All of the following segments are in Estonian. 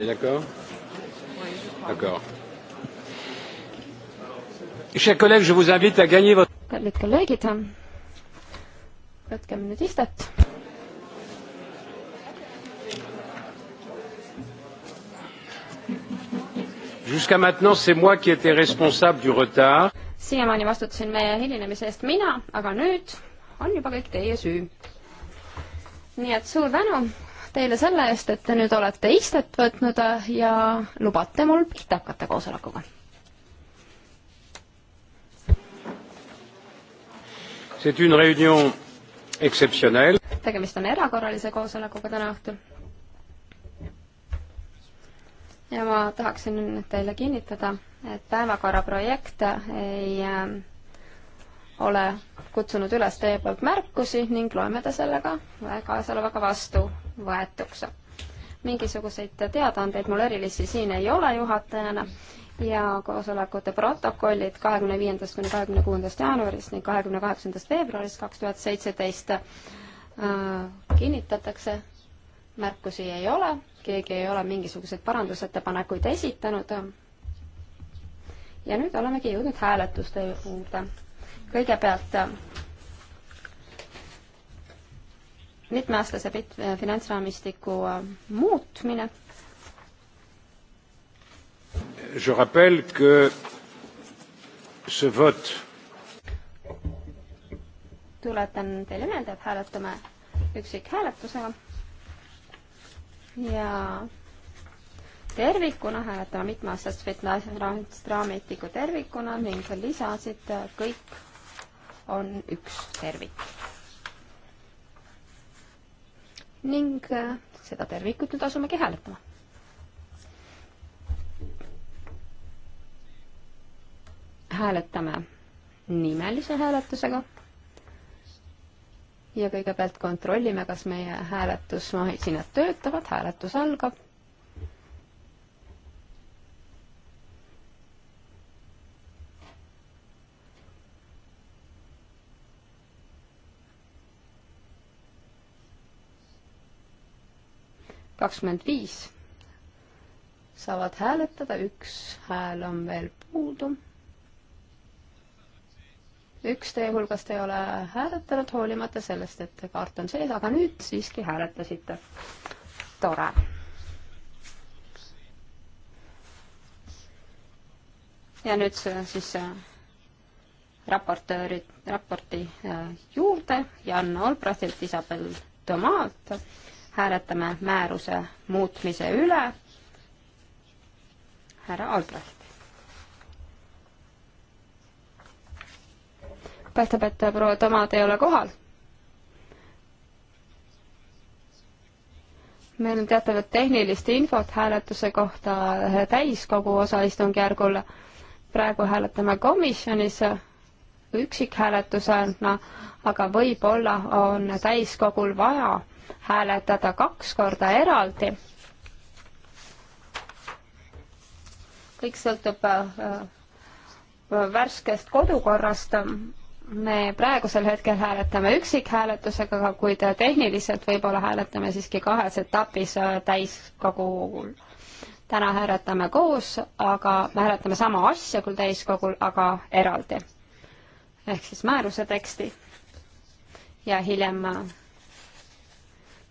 D'accord D'accord. Chers collègues, je vous invite à gagner votre... kallid kolleegid, võtkem nüüd istet. Jusqu'à maintenant, c'est moi qui étais responsable du retard. siiamaani vastutasin meie hilinemise eest mina, aga nüüd on juba kõik teie süü. nii et suur tänu teile selle eest, et te nüüd olete istet võtnud äh, ja lubate mul pihta hakata koosolekuga. tegemist on erakorralise koosolekuga täna õhtul. ja ma tahaksin nüüd teile kinnitada, et päevakorra projekt ei äh, ole kutsunud üles teie poolt märkusi ning loeme ta sellega käesolevaga vastu võetuks. mingisuguseid teadaandeid mul erilisi siin ei ole juhatajana ja koosolekute protokollid kahekümne viiendast kuni kahekümne kuuendast jaanuarist ning kahekümne kaheksandast veebruarist kaks tuhat seitseteist äh, kinnitatakse, märkusi ei ole, keegi ei ole mingisuguseid parandusettepanekuid esitanud. ja nüüd olemegi jõudnud hääletuste juurde. kõigepealt mitmeaastase finantsraamistiku äh, muutmine. Je rappelle que see vote tuletan teile meelde, et hääletame üksikhääletusega ja tervikuna hääletame mitmeaastast fitness-raamistiku tervikuna ning lisasid äh, kõik on üks tervik ning äh, seda tervikut nüüd asumegi hääletama. hääletame nimelise hääletusega ja kõigepealt kontrollime, kas meie hääletusmasinad töötavad, hääletus algab kakskümmend viis saavad hääletada, üks hääl on veel puudu. üks teie hulgast ei ole hääletanud, hoolimata sellest, et kaart on sees, aga nüüd siiski hääletasite. tore. ja nüüd siis äh, raportööri, raporti äh, juurde, Jan Olbrachtilt, Isabel Tomalt hääletame määruse muutmise üle. härra Albrecht. paistab, et proua Tomad ei ole kohal. meil on teatavat tehnilist infot hääletuse kohta täiskogu osaistungjärgul. praegu hääletame komisjonis üksikhääletusena, aga võib-olla on täiskogul vaja hääletada kaks korda eraldi. kõik sõltub äh, värskest kodukorrast. me praegusel hetkel hääletame üksikhääletusega, aga kuid te tehniliselt võib-olla hääletame siiski kahes etapis äh, täiskogul. täna hääletame koos, aga me hääletame sama asja küll täiskogul, aga eraldi ehk siis määruse teksti ja hiljem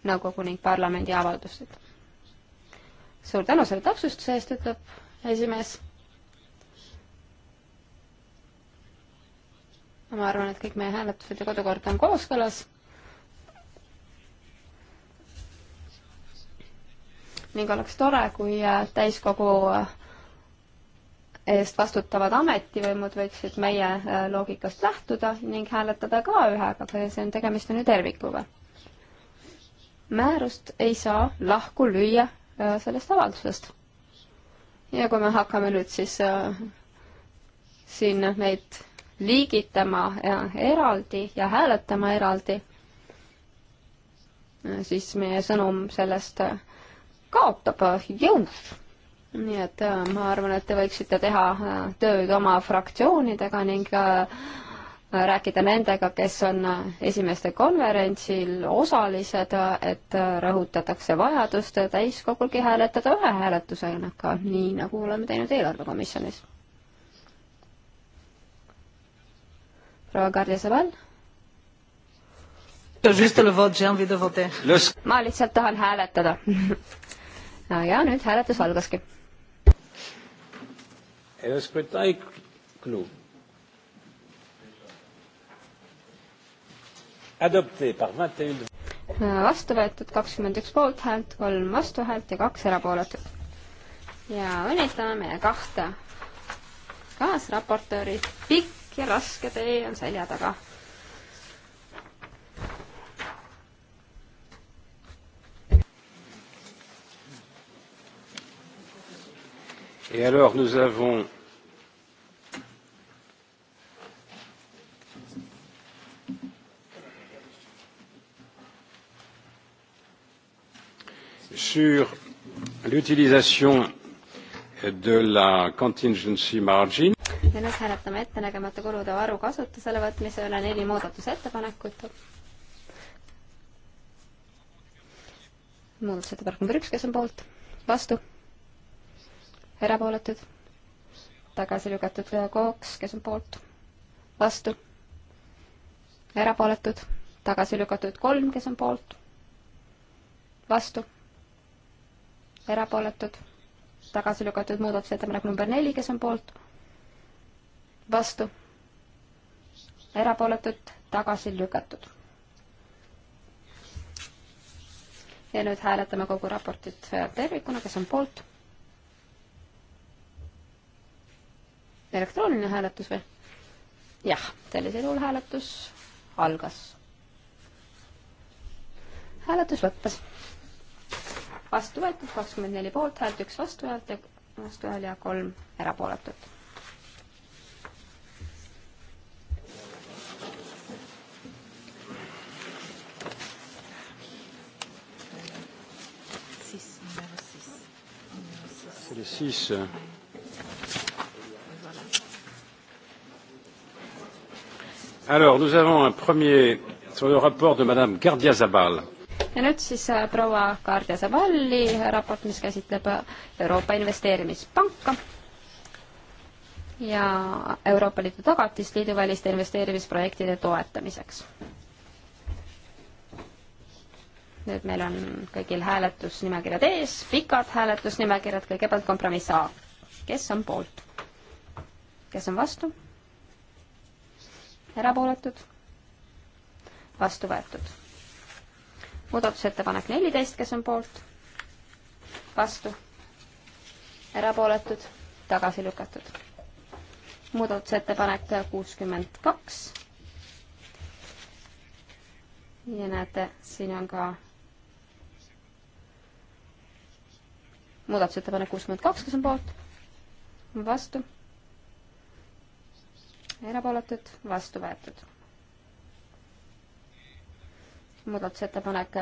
nõukogu ning parlamendi avaldused. suur tänu selle täpsustuse eest, ütleb esimees. ma arvan, et kõik meie hääletused ja kodukord on kooskõlas. ning oleks tore, kui täiskogu eest vastutavad ametivõimud võiksid meie äh, loogikast lähtuda ning hääletada ka ühega, see on, tegemist on ju tervikuga. määrust ei saa lahku lüüa äh, sellest avaldusest. ja kui me hakkame nüüd siis äh, siin neid liigitama ja eraldi ja hääletama eraldi, äh, siis meie sõnum sellest kaotab jõud nii et äh, ma arvan, et te võiksite teha äh, tööd oma fraktsioonidega ning äh, rääkida nendega, kes on esimeste konverentsil osalised, et rõhutatakse vajadust täiskogulgi hääletada ühe hääletusega, nii nagu oleme teinud eelarvekomisjonis. proua Karja Sõbel ma lihtsalt tahan hääletada no. ja nüüd hääletus algaski Et le scrutin est clos. Adopté par 21 äh, vastu võetud kakskümmend üks poolthäält, kolm vastuhäält ja kaks erapooletut. ja õnnitleme meie kahte kaasraportööri, pikk ja raske tee on selja taga Et alors nous avons sur l'utilisation de la contingency margin. ja nüüd hääletame ettenägemata kulude varu kasutusele võtmise üle neli muudatusettepanekut. muudatusettepanek number üks, kes on poolt? vastu? erapooletud, tagasi lükatud kooks, kes on poolt, vastu, erapooletud, tagasi lükatud kolm, kes on poolt, vastu, erapooletud, tagasi lükatud muudatusettepanek number neli, kes on poolt, vastu, erapooletud, tagasi lükatud. ja nüüd hääletame kogu raportit tervikuna, kes on poolt elektrooniline hääletus või? jah, sellisel juhul hääletus algas. hääletus lõppes. vastu võetud kakskümmend neli poolthäält, üks vastuhäält ja vastuhääl ja kolm erapooletut. siis. see oli siis äh, Alors, nous avons un premier sur le rapport de Madame Gardia Zabal. ja nüüd siis äh, proua Gardia Zabali raport, mis käsitleb äh, Euroopa Investeerimispanka ja Euroopa Liidu tagatist liiduväliste investeerimisprojektide toetamiseks. nüüd meil on kõigil hääletusnimekirjad ees, pikad hääletusnimekirjad, kõigepealt kompromiss A. kes on poolt? kes on vastu? erapooletud, vastu võetud. muudatusettepanek neliteist, kes on poolt, vastu, erapooletud, tagasi lükatud. muudatusettepanek kuuskümmend kaks. ja näete, siin on ka muudatusettepanek kuuskümmend kaks, kes on poolt, vastu erapooletud, vastu võetud. muudatusettepanek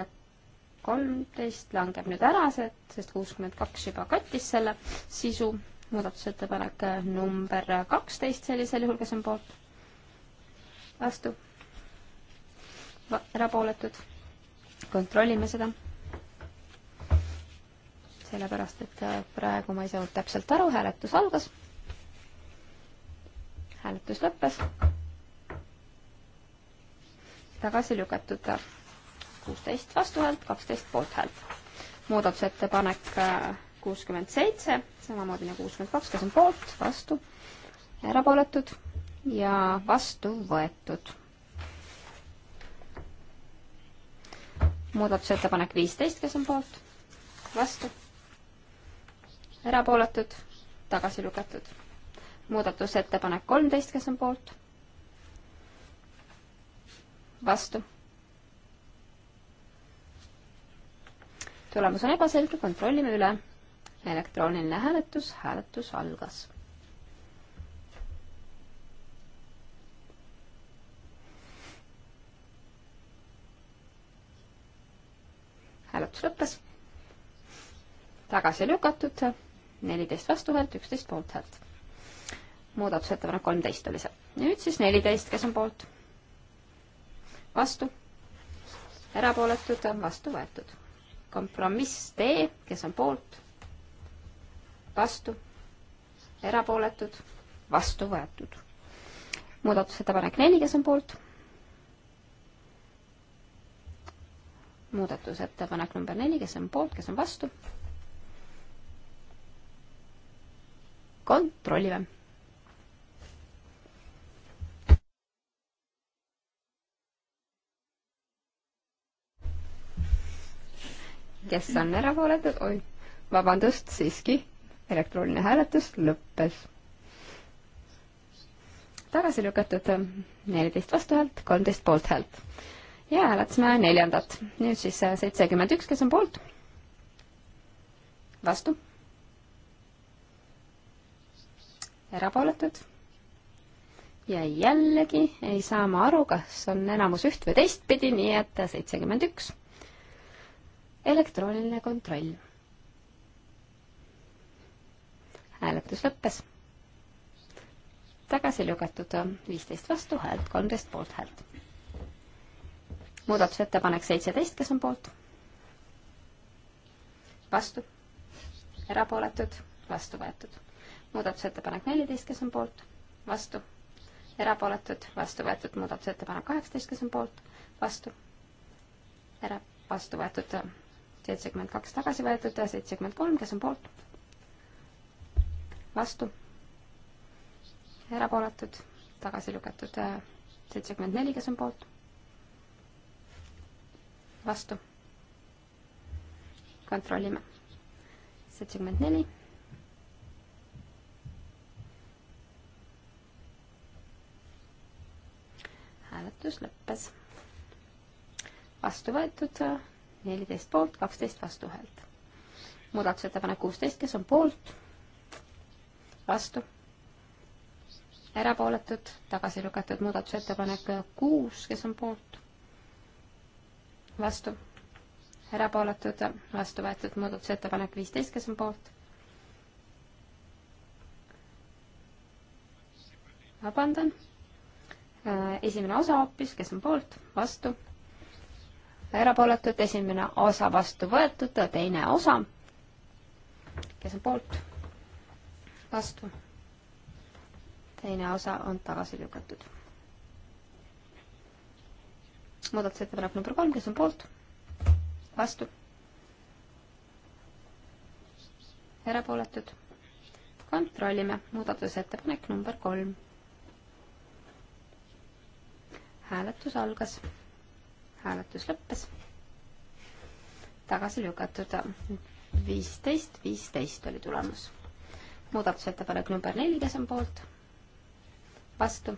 kolmteist langeb nüüd ära, sest kuuskümmend kaks juba kattis selle sisu. muudatusettepanek number kaksteist sellisel juhul, kes on poolt, vastu, erapooletud. kontrollime seda. sellepärast, et praegu ma ei saanud täpselt aru, hääletus algas hääletus lõppes. tagasi lükatud kuusteist vastuhäält, kaksteist poolthäält. muudatusettepanek äh, kuuskümmend seitse, samamoodi nagu kuuskümmend kaks, kes on poolt, vastu, erapooletud ja vastu võetud. muudatusettepanek viisteist, kes on poolt, vastu, erapooletud, tagasi lükatud muudatusettepanek kolmteist, kes on poolt? vastu. tulemus on ebaselge, kontrollime üle. elektrooniline hääletus, hääletus algas. hääletus lõppes. tagasi lükatud, neliteist vastuhäält, üksteist poolthäält muudatusettepanek kolmteist oli see. nüüd siis neliteist, kes on poolt? vastu? erapooletud on vastu võetud. kompromiss D, kes on poolt? vastu? erapooletud? vastu võetud. muudatusettepanek neli, kes on poolt? muudatusettepanek number neli, kes on poolt, kes on vastu? kontrollime kes on erapooletud, oi, vabandust, siiski, elektrooniline hääletus lõppes. tagasi lükatud neliteist vastuhäält, kolmteist poolthäält. ja hääletasime neljandat. nüüd siis äh, seitsekümmend üks, kes on poolt? vastu? erapooletud? ja jällegi ei saa ma aru, kas on enamus üht või teistpidi, nii et seitsekümmend üks elektrooniline kontroll. hääletus lõppes. tagasi lükatud viisteist vastuhäält, kolmteist poolthäält. muudatusettepanek seitseteist, kes on poolt? vastu? erapooletud? vastu võetud. muudatusettepanek neliteist, kes on poolt? vastu? erapooletud? vastu võetud. muudatusettepanek kaheksateist, kes on poolt? vastu? era-, vastu võetud seitsekümmend kaks tagasi võetud ja seitsekümmend kolm, kes on poolt? vastu? erapooletud? tagasi lükatud seitsekümmend neli, kes on poolt? vastu? kontrollime. seitsekümmend neli hääletus lõppes. vastu võetud neliteist poolt, kaksteist vastuhäält. muudatusettepanek kuusteist, kes on poolt, vastu, erapooletud, tagasi lükatud muudatusettepanek kuus, kes on poolt, vastu, erapooletud, vastu võetud muudatusettepanek viisteist, kes on poolt, vabandan, esimene osa hoopis, kes on poolt, vastu erapooletud, esimene osa vastu võetud, teine osa, kes on poolt, vastu, teine osa on tagasi lükatud. muudatusettepanek number kolm, kes on poolt, vastu, erapooletud, kontrollime, muudatusettepanek number kolm. hääletus algas hääletus lõppes. tagasi lükatud viisteist, viisteist oli tulemus. muudatusettepanek number neli, kes on poolt? vastu?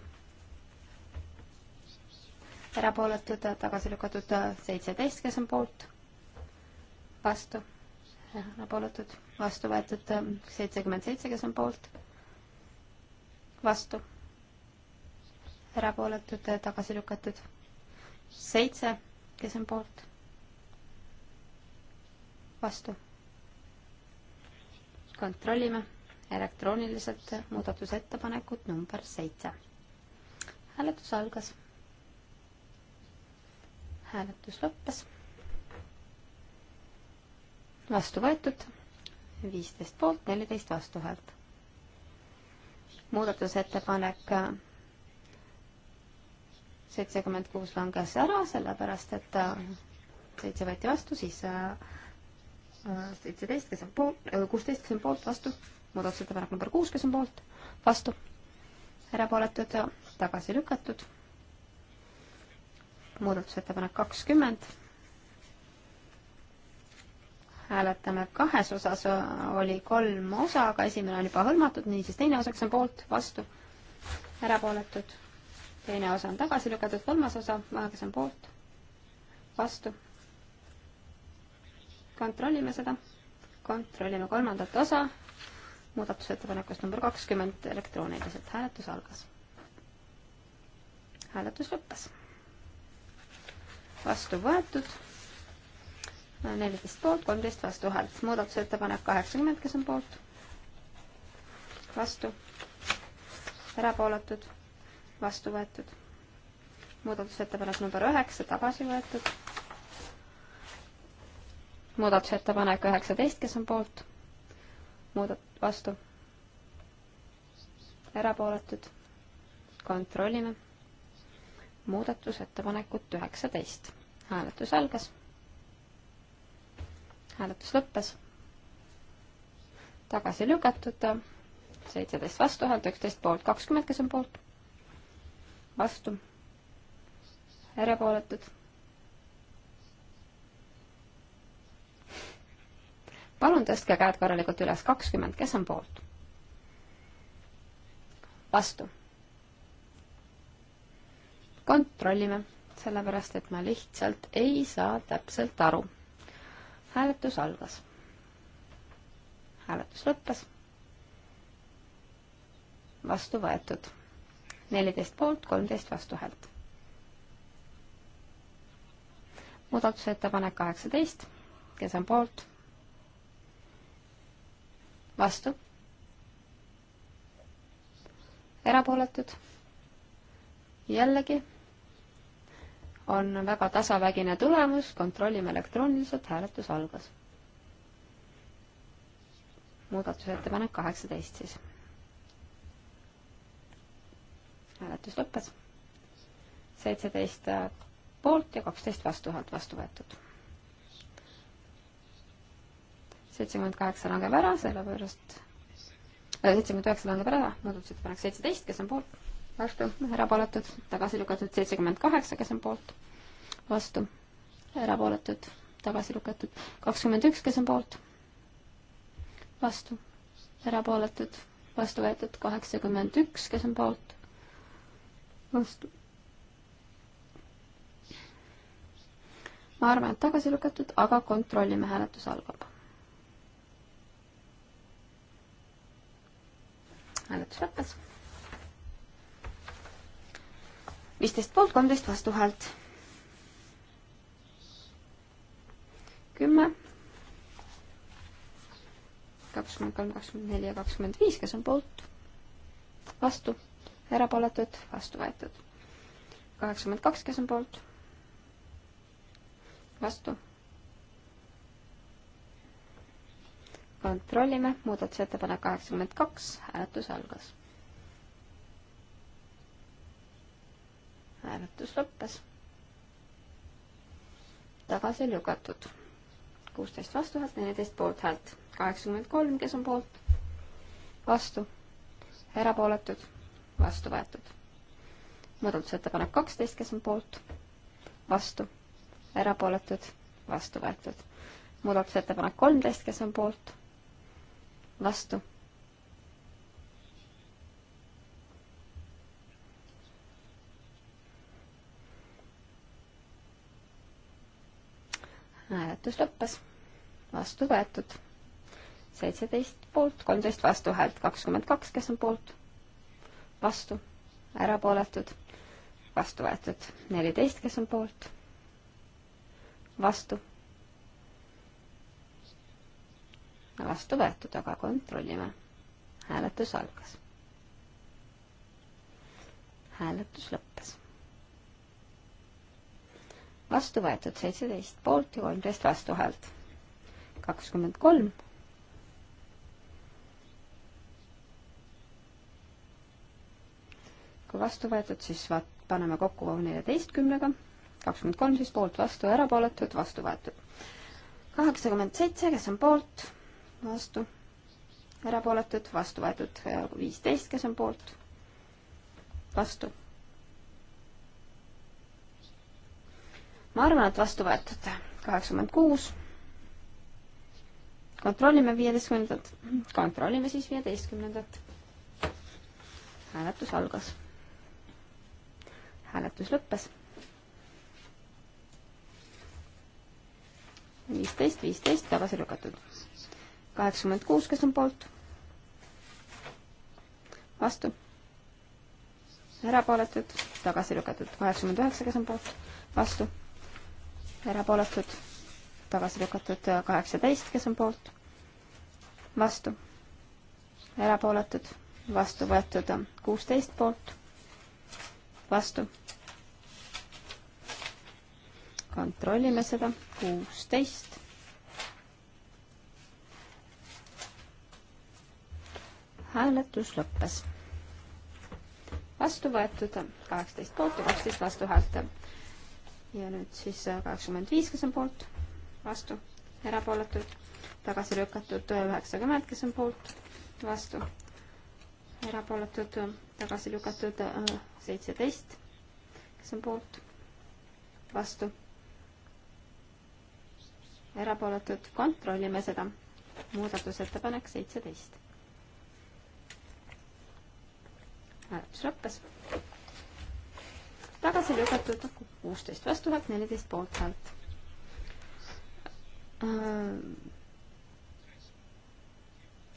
erapooletud, tagasi lükatud seitseteist, kes on poolt? vastu? erapooletud, vastu võetud seitsekümmend seitse, kes on poolt? vastu? erapooletud, tagasi lükatud seitse, kes on poolt? vastu. kontrollime elektrooniliselt muudatusettepanekut number seitse. hääletus algas. hääletus lõppes. vastu võetud viisteist poolt, neliteist vastuhäält. muudatusettepanek seitsekümmend kuus langes ära, sellepärast et äh, seitse võeti vastu, siis äh, äh, seitseteist, kes on poolt, kuusteist, kes on poolt, vastu, muudatusettepanek number kuus, kes on poolt, vastu, erapooletud, tagasi lükatud, muudatusettepanek kakskümmend, hääletame kahes osas, oli kolm osa, aga esimene on juba hõlmatud, niisiis teine osaks on poolt, vastu, erapooletud teine osa on tagasi lükatud, kolmas osa, kes on poolt, vastu. kontrollime seda, kontrollime kolmandat osa muudatusettepanekust number kakskümmend elektrooniliselt, hääletus algas. hääletus lõppes. vastu võetud, neliteist poolt, kolmteist vastuhäält, muudatusettepanek kaheksakümmend, kes on poolt, vastu, erapooletud vastu võetud. muudatusettepanek number üheksa, tagasi võetud. muudatusettepanek üheksateist, kes on poolt? muudat-, vastu? erapooletud? kontrollime. muudatusettepanekut üheksateist. hääletus algas. hääletus lõppes. tagasi lükatud, seitseteist vastuhäält, üksteist poolt, kakskümmend, kes on poolt vastu, erapooletud. palun tõstke käed korralikult üles, kakskümmend, kes on poolt? vastu. kontrollime, sellepärast et ma lihtsalt ei saa täpselt aru. hääletus algas. hääletus lõppes. vastu võetud neliteist poolt, kolmteist vastuhäält. muudatusettepanek kaheksateist, kes on poolt? vastu? erapooletud? jällegi on väga tasavägine tulemus, kontrollime elektrooniliselt, hääletus algas. muudatusettepanek kaheksateist siis hääletus lõppes. seitseteist äh, poolt ja kaksteist vastuhäält vastu võetud. seitsekümmend kaheksa langeb ära, sellepärast äh, seitsekümmend üheksa langeb ära, muudatusettepanek seitseteist, kes on poolt, vastu, erapooletud, tagasi lükatud seitsekümmend kaheksa, kes on poolt, vastu, erapooletud, tagasi lükatud, kakskümmend üks, kes on poolt, vastu, erapooletud, vastu võetud kaheksakümmend üks, kes on poolt vastu. ma arvan, et tagasi lükatud, aga kontrollime, hääletus algab. hääletus lõppes. viisteist poolt, kolmteist vastuhäält. kümme, kakskümmend kolm, kakskümmend neli ja kakskümmend viis, kes on poolt, vastu erapooletud, vastu võetud. kaheksakümmend kaks, kes on poolt? vastu. kontrollime, muudatusettepanek kaheksakümmend kaks, hääletus algas. hääletus lõppes. tagasi lükatud. kuusteist vastuhäält, neliteist poolthäält, kaheksakümmend kolm, kes on poolt? vastu, erapooletud vastu võetud. muudatusettepanek kaksteist, kes on poolt, vastu, erapooletud, vastu võetud. muudatusettepanek kolmteist, kes on poolt, vastu. hääletus lõppes, vastu võetud seitseteist poolt, kolmteist vastuhäält, kakskümmend kaks, kes on poolt vastu, erapooletud, vastu võetud neliteist, kes on poolt, vastu. vastu võetud, aga kontrollime. hääletus algas. hääletus lõppes. vastu võetud seitseteist poolt ja kolmteist vastuhäält. kakskümmend kolm kui vastu võetud, siis vaat-, paneme kokku neljateistkümnega, kakskümmend kolm siis poolt, vastu, erapooletud, vastu võetud. kaheksakümmend seitse, kes on poolt, vastu, erapooletud, vastu võetud, viisteist, kes on poolt, vastu. ma arvan, et vastu võetud, kaheksakümmend kuus kontrollime viieteistkümnendat, kontrollime siis viieteistkümnendat. hääletus algas hääletus lõppes. viisteist, viisteist tagasi lükatud. kaheksakümmend kuus, kes on poolt? vastu? erapooletud, tagasi lükatud. kaheksakümmend üheksa, kes on poolt? vastu? erapooletud, tagasi lükatud. kaheksateist, kes on poolt? vastu? erapooletud, vastu võetud. kuusteist poolt vastu. kontrollime seda, kuusteist. hääletus lõppes. vastu võetud kaheksateist poolt ja kaksteist vastuhäält. ja nüüd siis kaheksakümmend viis, kes on poolt, vastu, erapooletud, tagasi lükatud üheksakümmend, kes on poolt, vastu, erapooletud, tagasi lükatud seitseteist, kes on poolt, vastu, erapooletud, kontrollime seda, muudatusettepanek seitseteist. hääletus lõppes. tagasi lükatud kuusteist vastuhäält, neliteist poolthäält äh,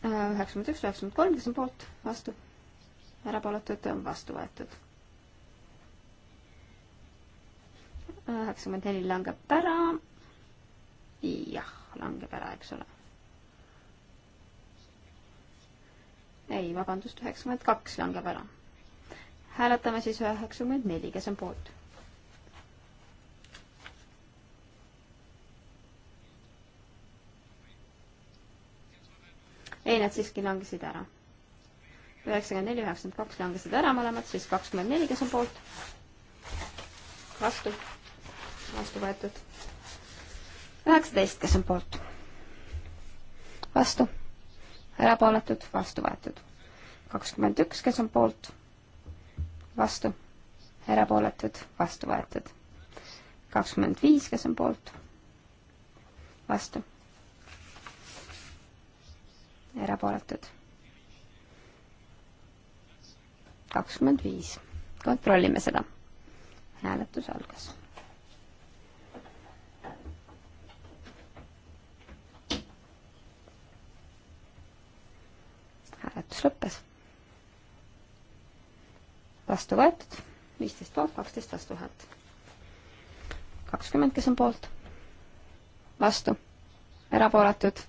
äh, üheksakümmend üks, üheksakümmend kolm, kes on poolt, vastu, erapooletud, vastu võetud. üheksakümmend neli langeb ära. jah, langeb ära, eks ole. ei, vabandust, üheksakümmend kaks langeb ära. hääletame siis üheksakümmend neli, kes on poolt? ei, nad siiski langesid ära. üheksakümmend neli, üheksakümmend kaks langesid ära mõlemad, siis kakskümmend neli, kes on poolt? vastu vastu võetud. üheksateist, kes on poolt? vastu, erapooletud, vastu võetud. kakskümmend üks, kes on poolt? vastu, erapooletud, vastu võetud. kakskümmend viis, kes on poolt? vastu erapooletud. kakskümmend viis. kontrollime seda. hääletus algas. hääletus lõppes. vastu võetud, viisteist poolt, kaksteist vastuhäält. kakskümmend, kes on poolt, vastu, erapooletud,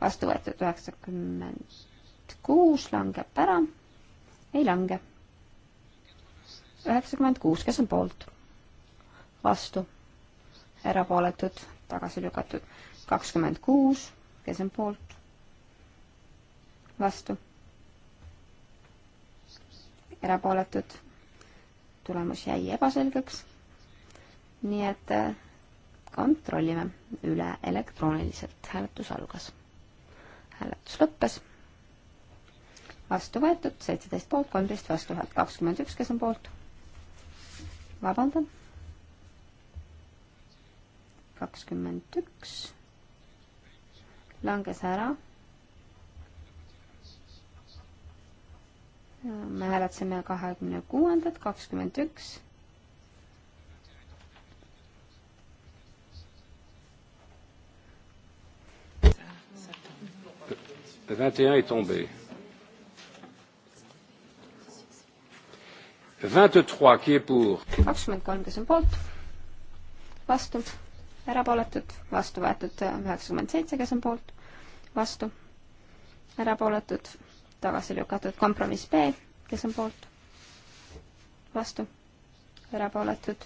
vastu võetud üheksakümmend kuus, langeb ära, ei lange. üheksakümmend kuus, kes on poolt, vastu, erapooletud, tagasi lükatud, kakskümmend kuus, kes on poolt, vastu erapooletud. tulemus jäi ebaselgeks. nii et äh, kontrollime üle elektrooniliselt. hääletus algas. hääletus lõppes. vastu võetud, seitseteist poolt, kolmteist vastu, kakskümmend üks, kes on poolt. vabandan. kakskümmend üks langes ära me hääletasime kahekümne kuuendat, kakskümmend üks. Le 21 est tombé. 23, qui est pour 23, kes on poolt, vastu, erapooletud, vastu võetud 97, kes on poolt, vastu, erapooletud tagasi lükatud. kompromiss B, kes on poolt? vastu? erapooletud?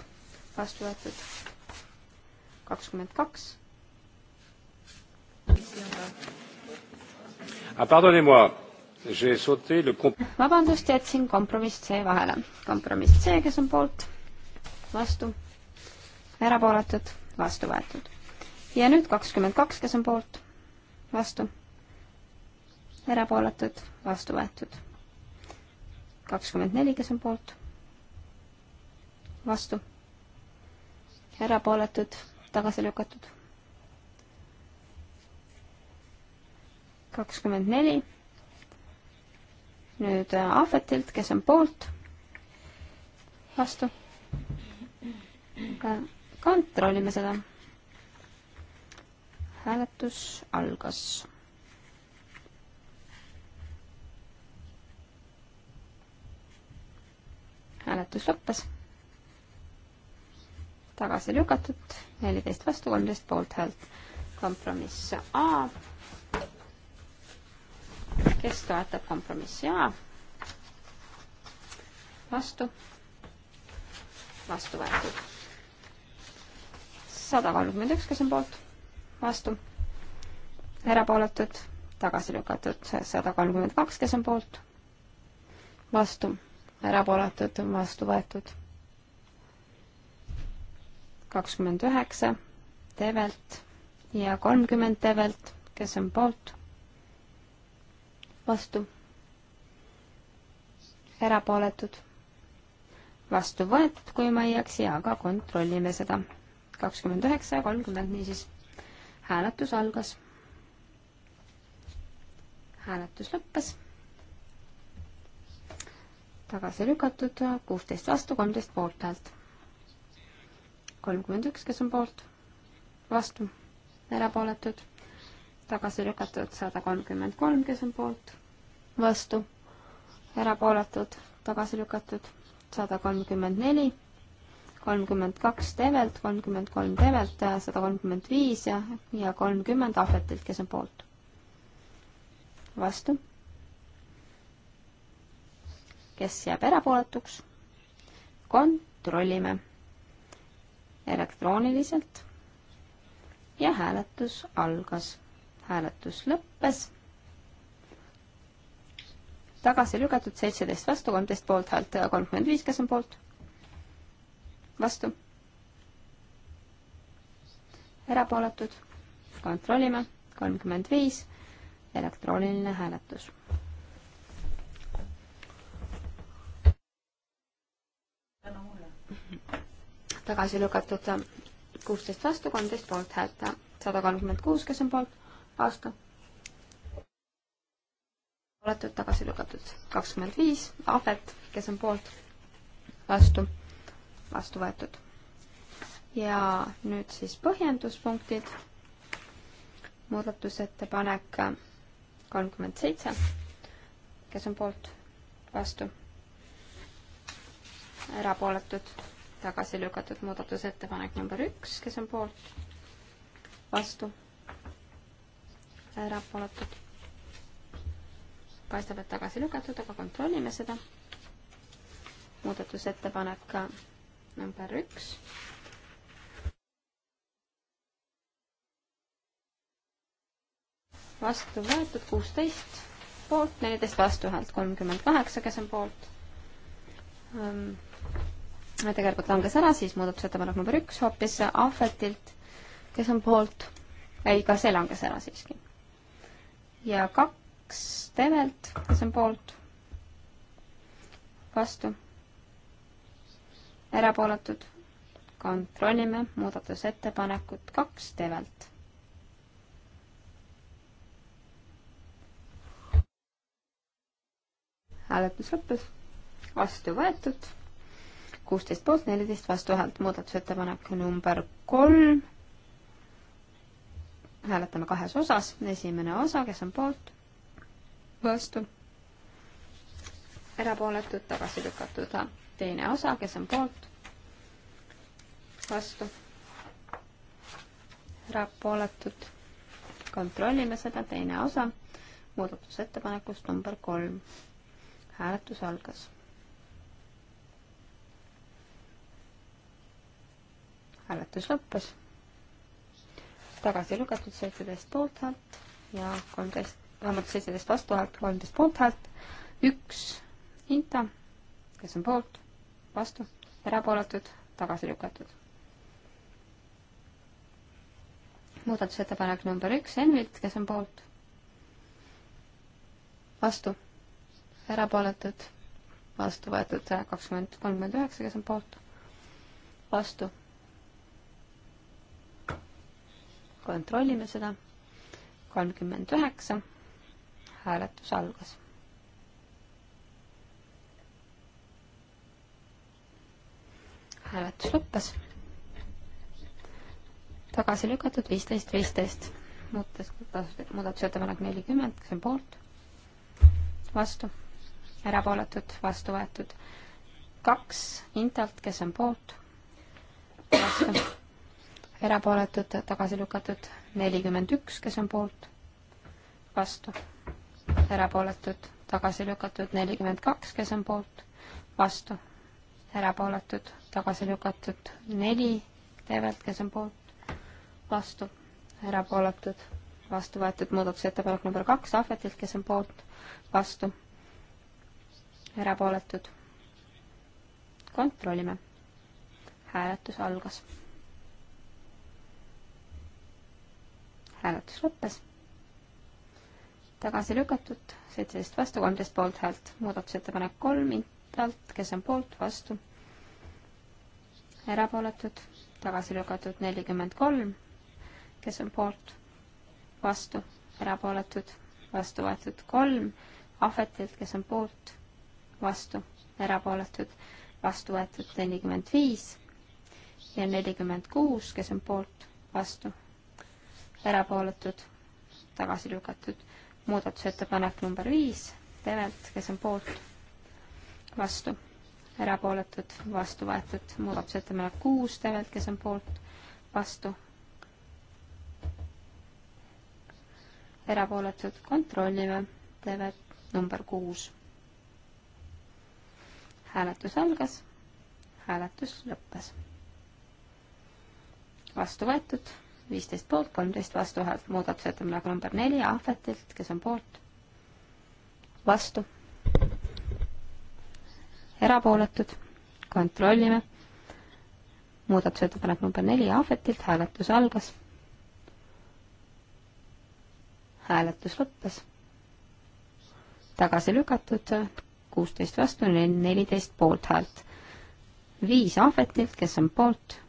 vastu võetud? kakskümmend kaks. Ah, vabandust, jätsin kompromiss C vahele. kompromiss C, kes on poolt? vastu? erapooletud? vastu võetud. ja nüüd kakskümmend kaks, kes on poolt? vastu erapooletud, vastu võetud. kakskümmend neli, kes on poolt, vastu, erapooletud, tagasi lükatud. kakskümmend neli, nüüd äh, Ahvetilt, kes on poolt, vastu, äh, kontrollime seda hääletus algas. hääletus lõppes. tagasi lükatud, neliteist vastu, kolmteist poolthäält. kompromiss A. kes toetab kompromissi A? vastu, vastu võetud. sada kolmkümmend üks, kes on poolt, vastu, erapooletud, tagasi lükatud, sada kolmkümmend kaks, kes on poolt, vastu erapooletud, vastu võetud. kakskümmend üheksa tevelt ja kolmkümmend tevelt, kes on poolt, vastu, erapooletud, vastu võetud, kui ma ei eksi, aga kontrollime seda. kakskümmend üheksa ja kolmkümmend niisiis. hääletus algas hääletus lõppes tagasi lükatud, kuusteist vastu, kolmteist poolthäält. kolmkümmend üks, kes on poolt, vastu, erapooletud, tagasi lükatud sada kolmkümmend kolm, kes on poolt, vastu, erapooletud, tagasi lükatud sada kolmkümmend neli, kolmkümmend kaks Tevelt, kolmkümmend kolm Tevelt, sada kolmkümmend viis ja, ja kolmkümmend Ahvetilt, kes on poolt, vastu kes jääb erapooletuks, kontrollime elektrooniliselt ja hääletus algas. hääletus lõppes. tagasi lükatud seitseteist vastu, kolmteist poolthäält, kolmkümmend viis, kes on poolt? vastu. erapooletud, kontrollime, kolmkümmend viis, elektrooniline hääletus tagasi lükatud kuusteist vastu, kolmteist poolthäält, sada kolmkümmend kuus, kes on poolt, vastu. oletud tagasi lükatud kakskümmend viis, ahvet, kes on poolt, vastu, vastu võetud. ja nüüd siis põhjenduspunktid, muudatusettepanek kolmkümmend seitse, kes on poolt, vastu, erapooletud tagasi lükatud muudatusettepanek number üks, kes on poolt, vastu, erapooletud. paistab, et tagasi lükatud, aga kontrollime seda. muudatusettepanek number üks. vastu võetud kuusteist, poolt neliteist vastuhäält, kolmkümmend kaheksa, kes on poolt um, tegelikult langes ära, siis muudatusettepanek number üks hoopis Ahvetilt, kes on poolt, ei, ka see langes ära siiski. ja kaks Temelt, kes on poolt, vastu, erapooletud, kontrollime muudatusettepanekut kaks Temelt. hääletus lõppes, vastu võetud kuusteist poolt, neliteist vastu häält. muudatusettepanek number kolm. hääletame kahes osas. esimene osa, kes on poolt, vastu, erapooletud, tagasi lükatud. teine osa, kes on poolt, vastu, erapooletud. kontrollime seda, teine osa muudatusettepanekust number kolm. hääletus algas hääletus lõppes. tagasi lükatud seitseteist poolthäält ja kolmteist, vähemalt seitseteist vastuhäält, kolmteist poolthäält, üks hinta, kes on poolt, vastu, erapooletud, tagasi lükatud. muudatusettepanek number üks, Envilt, kes on poolt, vastu, erapooletud, vastu võetud kakskümmend, kolmkümmend üheksa, kes on poolt, vastu kontrollime seda. kolmkümmend üheksa, hääletus algas. hääletus lõppes. tagasi lükatud viisteist, viisteist. muutus, muudatusettepanek nelikümmend, kes on poolt? vastu, erapooletud, vastu võetud. kaks intalt, kes on poolt? vastu erapooletud, tagasi lükatud nelikümmend üks, kes on poolt, vastu, erapooletud, tagasi lükatud nelikümmend kaks, kes on poolt, vastu, erapooletud, tagasi lükatud neli, tervelt, kes on poolt, vastu, erapooletud, vastu võetud muudatusettepanek number kaks, ahvetilt, kes on poolt, vastu, erapooletud. kontrollime. hääletus algas hääletus lõppes. tagasi lükatud, seitseteist vastu, kolmteist poolthäält, muudatusettepanek kolm, intalt, kes on poolt, vastu, erapooletud, tagasi lükatud nelikümmend kolm, kes on poolt, vastu, erapooletud, vastu võetud kolm, ahvetilt, kes on poolt, vastu, erapooletud, vastu võetud nelikümmend viis ja nelikümmend kuus, kes on poolt, vastu, erapooletud, tagasi lükatud. muudatusettepanek number viis, Tevelt, kes on poolt, vastu, erapooletud, vastu võetud. muudatusettepanek kuus, Tevelt, kes on poolt, vastu, erapooletud, kontrollime, Tevelt number kuus. hääletus algas, hääletus lõppes. vastu võetud viisteist poolt, kolmteist vastu häält. muudatusettepanek number neli Ahvetilt, kes on poolt, vastu, erapooletud, kontrollime. muudatusettepanek number neli Ahvetilt, hääletus algas. hääletus lõppes. tagasi lükatud, kuusteist vastu, neliteist poolthäält. viis Ahvetilt, kes on poolt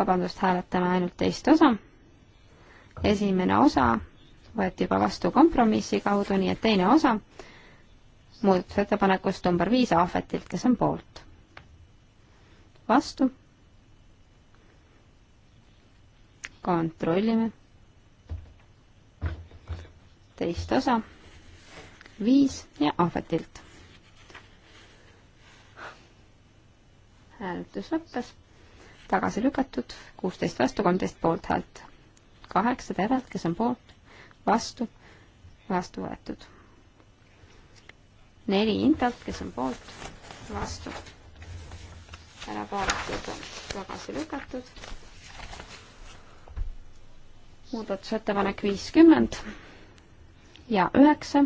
vabandust, hääletame ainult teist osa. esimene osa võeti juba vastu kompromissi kaudu, nii et teine osa muudatusettepanekust number viis Ahvetilt, kes on poolt. vastu. kontrollime. teist osa. viis ja Ahvetilt. hääletus lõppes tagasi lükatud, kuusteist vastu, kolmteist poolthäält. kaheksa tervelt, kes on poolt, vastu, vastu võetud. neli intalt, kes on poolt, vastu, erapooletud, tagasi lükatud. muudatusettepanek viiskümmend ja üheksa,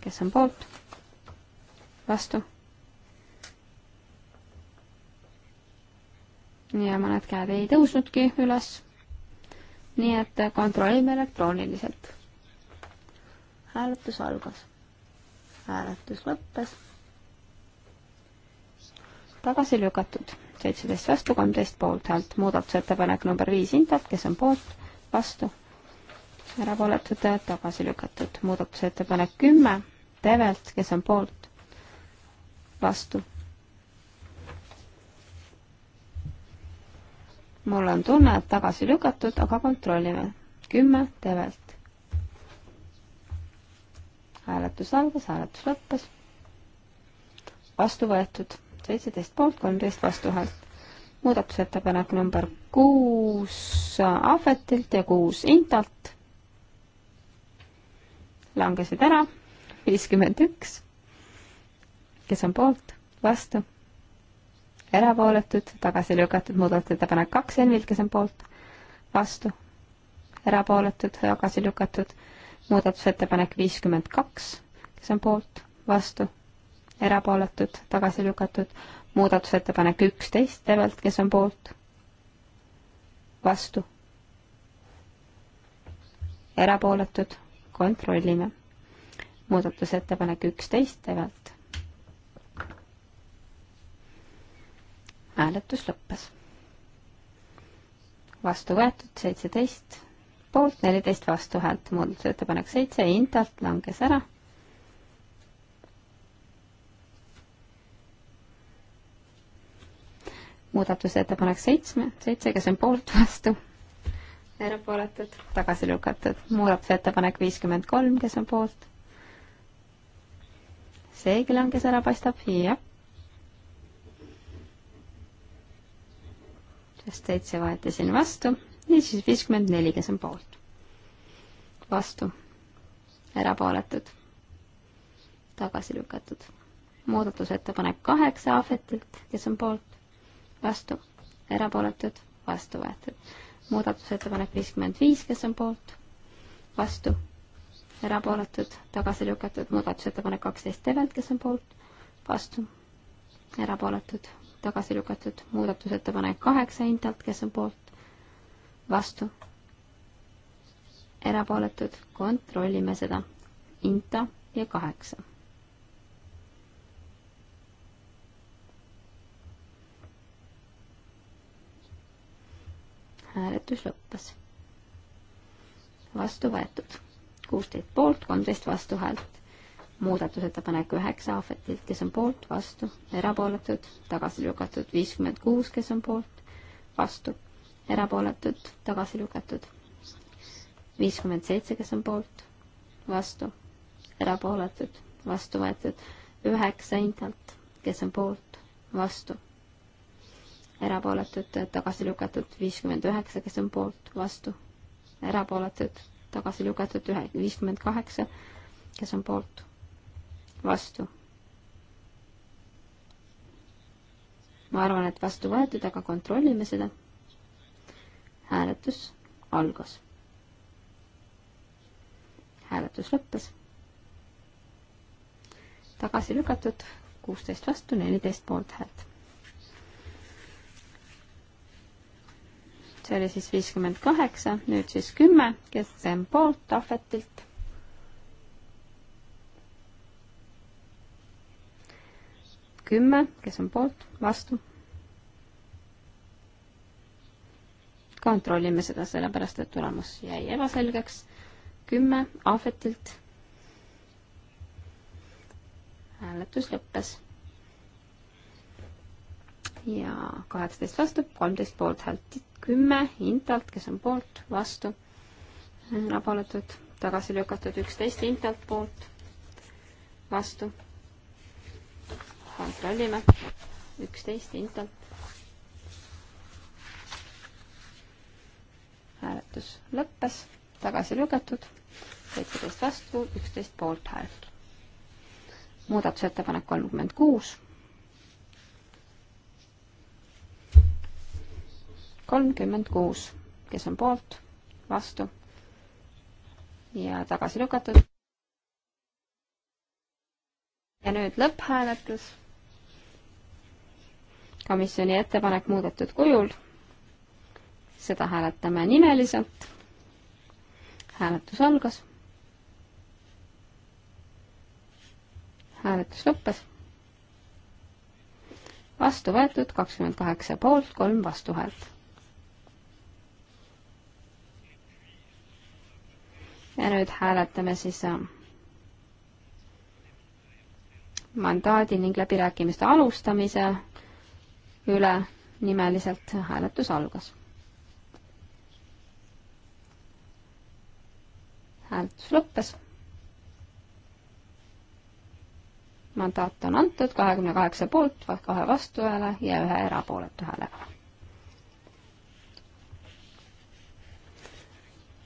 kes on poolt, vastu ja mõned käed ei tõusnudki üles. nii et kontrollime elektrooniliselt. hääletus algas, hääletus lõppes. tagasi lükatud, seitseteist vastu, kolmteist poolthäält, muudatusettepanek number viis hindab, kes on poolt, vastu, erapooletud, tagasi lükatud, muudatusettepanek kümme, Tevelt, kes on poolt, vastu mul on tunne, et tagasi lükatud, aga kontrollime. kümme tevelt. hääletus algas, hääletus lõppes. vastu võetud seitseteist poolt, kolmteist vastuhäält. muudatusettepanek number kuus Ahvetilt ja kuus Intalt langesid ära, viiskümmend üks. kes on poolt, vastu, erapooletud, tagasi lükatud, muudatusettepanek kaks Envilt, kes on poolt, vastu, erapooletud, tagasi lükatud, muudatusettepanek viiskümmend kaks, kes on poolt, vastu, erapooletud, tagasi lükatud, muudatusettepanek üksteist Evelt, kes on poolt, vastu, erapooletud, kontrollime. muudatusettepanek üksteist Evelt. hääletus lõppes. vastu võetud seitseteist, poolt neliteist vastuhäält, muudatusettepanek seitse, Intalt langes ära. muudatusettepanek seitsme, seitse, kes on poolt, vastu, erapooletud, tagasi lükatud, muudatusettepanek viiskümmend kolm, kes on poolt seegi langes ära, paistab, jah sest seitse võeti siin vastu, niisiis viiskümmend neli, kes on poolt. vastu, erapooletud, tagasi lükatud. muudatusettepanek kaheksa ahvetilt, kes on poolt, vastu, erapooletud, vastu võetud. muudatusettepanek viiskümmend viis, kes on poolt, vastu, erapooletud, tagasi lükatud. muudatusettepanek kaksteist Evelt, kes on poolt, vastu, erapooletud tagasi lükatud. muudatusettepanek kaheksa hindelt, kes on poolt, vastu, erapooletud, kontrollime seda. Inta ja kaheksa. hääletus lõppes. vastu võetud kuusteist poolt, kolmteist vastuhäält muudatusettepanek üheksa ahvetilt, kes on poolt, vastu, erapooletud, tagasi lükatud viiskümmend kuus, kes on poolt, vastu, erapooletud, tagasi lükatud viiskümmend seitse, kes on poolt, vastu, erapooletud, vastu võetud üheksa hindalt, kes on poolt, vastu, erapooletud, tagasi lükatud viiskümmend üheksa, kes on poolt, vastu, erapooletud, tagasi lükatud ühe, viiskümmend kaheksa, kes on poolt vastu. ma arvan, et vastu võetud, aga kontrollime seda. hääletus algas. hääletus lõppes. tagasi lükatud, kuusteist vastu, neliteist poolthäält. see oli siis viiskümmend kaheksa, nüüd siis kümme, kes on poolt ahvetilt kümme, kes on poolt, vastu. kontrollime seda sellepärast, et tulemus jäi ebaselgeks. kümme ahvetilt. hääletus lõppes. ja kaheksateist vastu, kolmteist poolthäält, kümme intalt, kes on poolt, vastu, erapooletud, tagasi lükatud üksteist intalt poolt, vastu kontrollime. üksteist intot. hääletus lõppes, tagasi lükatud, seitseteist vastu, üksteist poolthäält. muudatusettepanek kolmkümmend kuus. kolmkümmend kuus, kes on poolt, vastu ja tagasi lükatud. ja nüüd lõpphääletus komisjoni ettepanek muudetud kujul. seda hääletame nimeliselt. hääletus algas. hääletus lõppes. vastu võetud kakskümmend kaheksa poolt, kolm vastuhäält. ja nüüd hääletame siis äh, mandaadi ning läbirääkimiste alustamise üle nimeliselt hääletus algas. hääletus lõppes. mandaat on antud kahekümne kaheksa poolt, kahe vastuhääle ja ühe erapooletu häälega.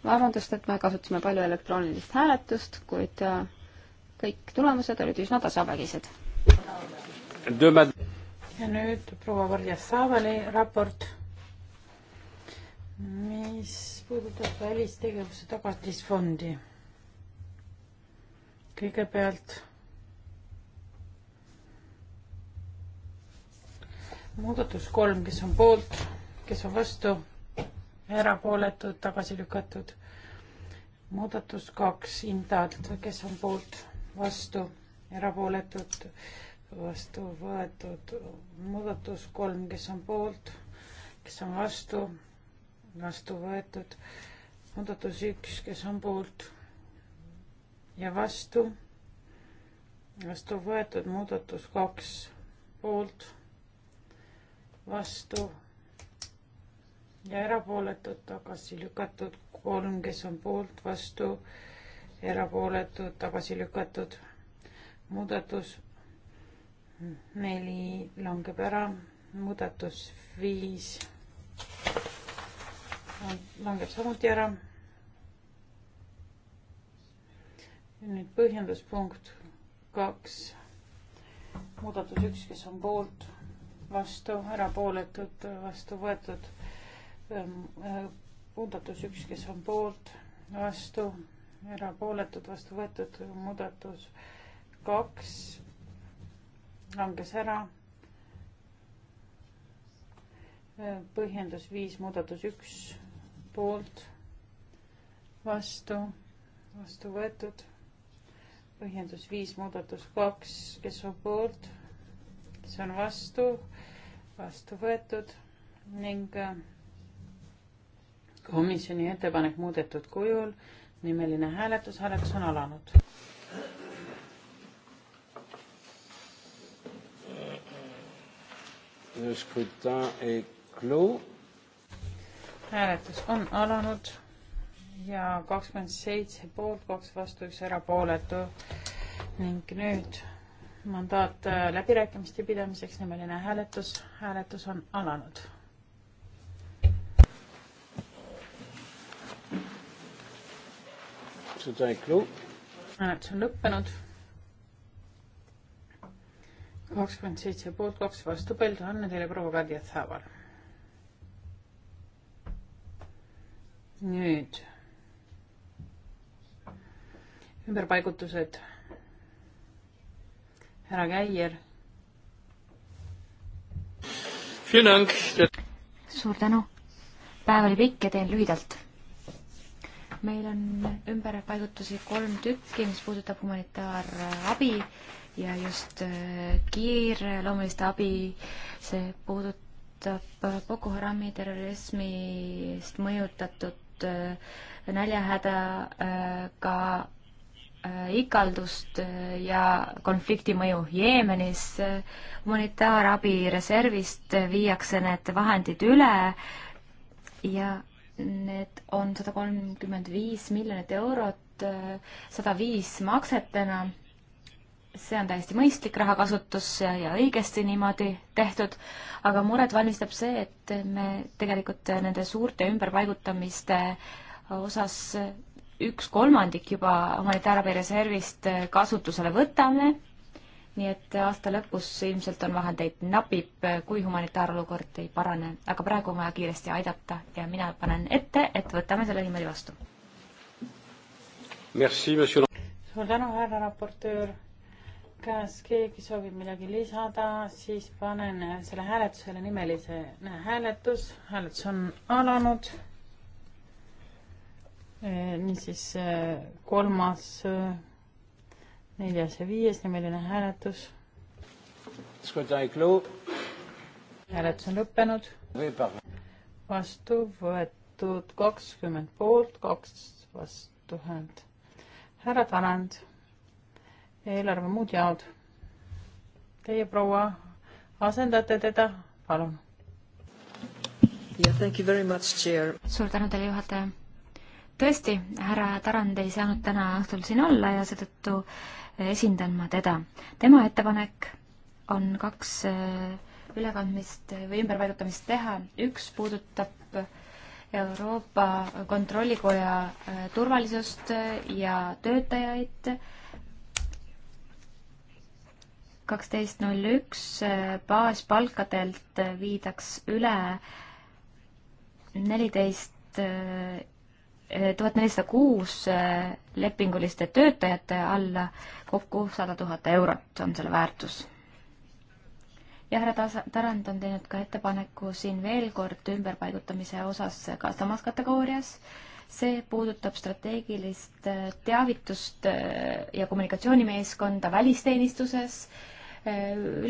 vabandust, et me kasutasime palju elektroonilist hääletust, kuid äh, kõik tulemused olid üsna tasavägised ja nüüd proua Varjas Saavali raport, mis puudutab välistegevuse tagatisfondi. kõigepealt muudatus kolm, kes on poolt, kes on vastu, erapooletud, tagasi lükatud. muudatus kaks, hindad, kes on poolt, vastu, erapooletud vastu võetud muudatus kolm, kes on poolt, kes on vastu, vastu võetud muudatus üks, kes on poolt ja vastu, vastu võetud muudatus kaks, poolt, vastu ja erapooletud tagasi lükatud kolm, kes on poolt, vastu, erapooletud tagasi lükatud muudatus neli langeb ära, muudatus viis langeb samuti ära. nüüd põhjenduspunkt kaks, muudatus üks, kes on poolt, vastu, erapooletud, vastu võetud. Ehm, äh, muudatus üks, kes on poolt, vastu, erapooletud, vastu võetud, muudatus kaks langes ära. põhjendus viis, muudatus üks, poolt, vastu, vastu võetud. põhjendus viis, muudatus kaks, kes on poolt, kes on vastu, vastu võetud ning äh, komisjoni ettepanek muudetud kujul, nimeline hääletus, hääletus on alanud. Le scrutin est clos. hääletus on alanud ja kakskümmend seitse poolt, kaks vastu, üks erapooletu ning nüüd mandaat äh, läbirääkimiste pidamiseks, nimeline hääletus. hääletus on alanud. hääletus on lõppenud kakskümmend seitse poolt, kaks vastu, palju õnne teile, proua Kadri Atsaval. nüüd ümberpaigutused. härra Käier. suur tänu. päev oli pikk ja teen lühidalt meil on ümberpaigutusi kolm tükki, mis puudutab humanitaarabi ja just äh, kiirloomulist abi, see puudutab äh, Boko Harami terrorismist mõjutatud äh, näljahädaga ikaldust ja konflikti mõju Jeemenis. humanitaarabi reservist viiakse need vahendid üle ja Need on sada kolmkümmend viis miljonit eurot, sada viis maksetena. see on täiesti mõistlik rahakasutus ja, ja õigesti niimoodi tehtud, aga muret valmistab see, et me tegelikult nende suurte ümberpaigutamiste osas üks kolmandik juba humanitaarabi reservist kasutusele võtame nii et aasta lõpus ilmselt on vahendeid napib, kui humanitaarolukord ei parane, aga praegu on vaja kiiresti aidata ja mina panen ette, et võtame selle niimoodi vastu. suur tänu, härra raportöör. kas keegi soovib midagi lisada, siis panen selle hääletusele nimelise hääletus, hääletus on alanud. Eh, niisiis eh, kolmas eh, neljas ja viies nimeline hääletus. hääletus on lõppenud. vastu võetud kakskümmend poolt, kaks vastu häält. härra Tanand, eelarve muud jaod. Teie proua, asendate teda, palun. jah, thank you very much, chair. suur tänu teile, juhataja tõesti, härra Tarand ei saanud täna õhtul siin olla ja seetõttu esindan ma teda. tema ettepanek on kaks äh, ülekandmist või ümberpaigutamist teha, üks puudutab Euroopa Kontrollikoja äh, turvalisust äh, ja töötajaid, kaksteist null üks baaspalkadelt viidaks üle neliteist tuhat nelisada kuus eh, lepinguliste töötajate alla, kokku sada tuhat eurot on selle väärtus. ja härra Tarand on teinud ka ettepaneku siin veel kord ümberpaigutamise osas ka samas kategoorias, see puudutab strateegilist eh, teavitust eh, ja kommunikatsioonimeeskonda välisteenistuses,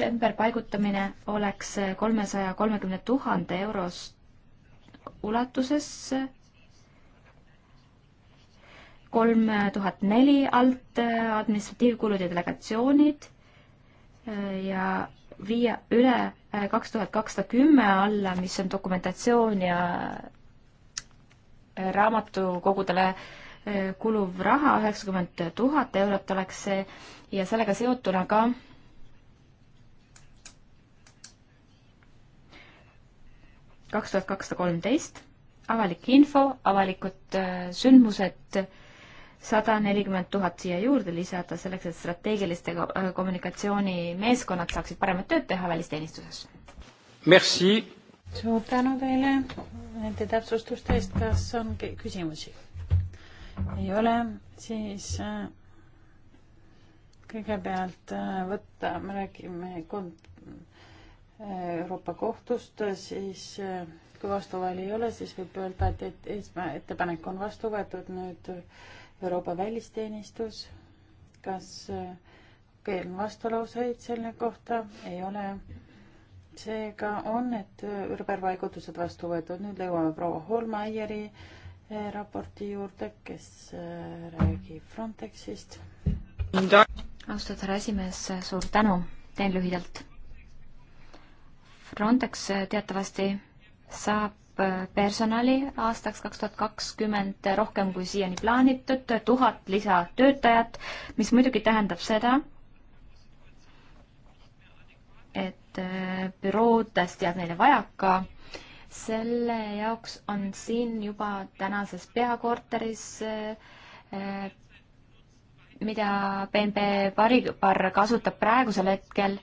ümberpaigutamine oleks kolmesaja kolmekümne tuhande eurost ulatuses kolm tuhat neli alt äh, administratiivkulud ja delegatsioonid äh, ja viia üle äh, kaks tuhat kakssada kümme alla, mis on dokumentatsioon ja raamatukogudele kuluv raha, üheksakümmend tuhat eurot oleks see ja sellega seotuna ka kaks tuhat kakssada kolmteist avalik info, avalikud sündmused sada nelikümmend tuhat siia juurde lisada selleks, et strateegiliste äh, kommunikatsioonimeeskonnad saaksid paremat tööd teha välisteenistuses. Merci! suur tänu teile nende täpsustuste eest, kas on küsimusi? ei ole, siis äh, kõigepealt äh, võtta, me räägime kont-, Euroopa Kohtust, siis kui vastuväli ei ole, siis võib öelda, et, et ettepanek on vastu võetud nüüd äh, Euroopa välisteenistus, kas keel on vastulauseid selle kohta, ei ole. seega on need ümberpaigutused vastu võetud, nüüd jõuame proua Holmeieri eh, raporti juurde, kes eh, räägib Frontexist. austatud härra esimees, suur tänu, teen lühidalt. Frontex eh, teatavasti saab Äh, personali aastaks kaks tuhat kakskümmend rohkem kui siiani plaanitud, tuhat lisatöötajat, mis muidugi tähendab seda, et äh, büroodest jääb neile vajaka. selle jaoks on siin juba tänases peakorteris äh, mida BNP Paribas kasutab praegusel hetkel,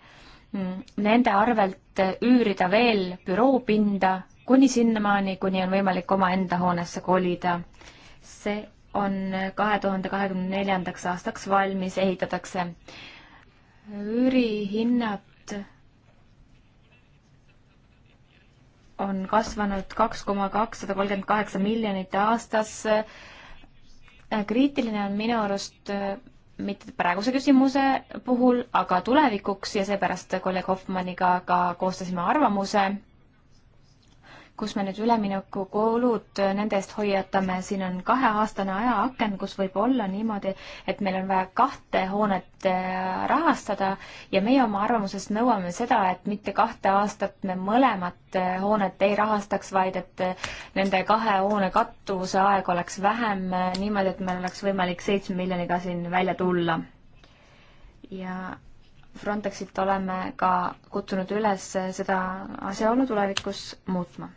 mm, nende arvelt üürida veel büroopinda kuni sinnamaani, kuni on võimalik omaenda hoonesse kolida. see on kahe tuhande kahekümne neljandaks aastaks valmis, ehitatakse. üürihinnad on kasvanud kaks koma kakssada kolmkümmend kaheksa miljonit aastas. kriitiline on minu arust äh, mitte praeguse küsimuse puhul, aga tulevikuks ja seepärast kolleeg Hoffmanniga ka koostasime arvamuse kus me nüüd üleminekukulud nende eest hoiatame, siin on kaheaastane ajaaken, kus võib olla niimoodi, et meil on vaja kahte hoonet äh, rahastada ja meie oma arvamuses nõuame seda, et mitte kahte aastat me mõlemat äh, hoonet ei rahastaks, vaid et äh, nende kahe hoone kattuvuse aeg oleks vähem, niimoodi, et meil oleks võimalik seitsme miljoniga siin välja tulla. ja Frontexit oleme ka kutsunud üles seda asjaolu tulevikus muutma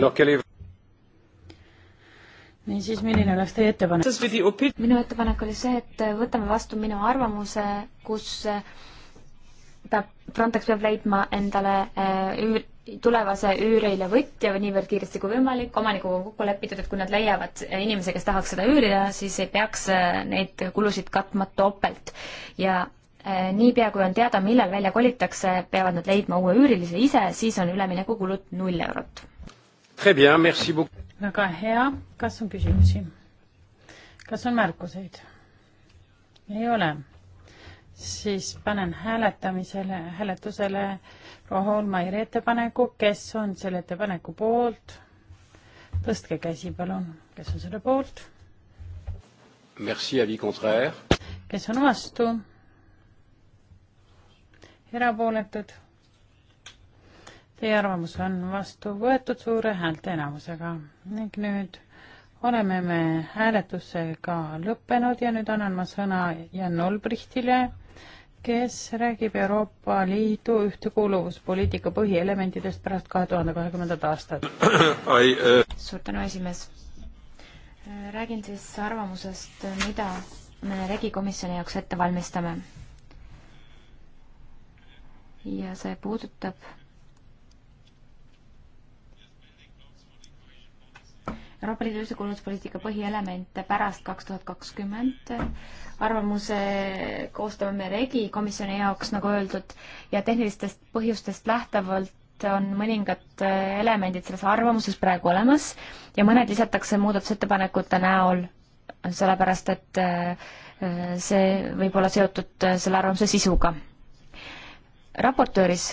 niisiis, milline oleks teie ettepanek? minu ettepanek oli see, et võtame vastu minu arvamuse, kus eh, peab, Frontex peab leidma endale eh, üür, tulevase üürile võtja niivõrd kiiresti kui võimalik, omanikuga on kokku lepitud, et kui nad leiavad eh, inimese, kes tahaks seda üürida, siis ei peaks neid kulusid katma topelt. ja niipea, kui on teada, millal välja kolitakse, peavad nad leidma uue üürilise ise, siis on üleminekukulud null eurot väga hea, kas on küsimusi? kas on märkuseid? ei ole? siis panen hääletamisele, hääletusele proua Holmaieri ettepaneku, kes on selle ettepaneku poolt? tõstke käsi, palun, kes on selle poolt? kes on vastu? erapooletud? Teie arvamus on vastu võetud suure häälteenamusega ning nüüd oleme me hääletusega lõppenud ja nüüd annan ma sõna Jan Olbrichtile, kes räägib Euroopa Liidu ühtekuuluvuspoliitika põhielementidest pärast kahe tuhande kahekümnendat aastat. Äh. suur tänu, esimees! räägin siis arvamusest, mida me regikomisjoni jaoks ette valmistame. ja see puudutab Euroopa Liidu ühtekuuluvuspoliitika põhielemente pärast kaks tuhat kakskümmend. arvamuse koostame me regi komisjoni jaoks, nagu öeldud, ja tehnilistest põhjustest lähtuvalt on mõningad elemendid selles arvamuses praegu olemas ja mõned lisatakse muudatusettepanekute näol, sellepärast et äh, see võib olla seotud äh, selle arvamuse sisuga. raportööris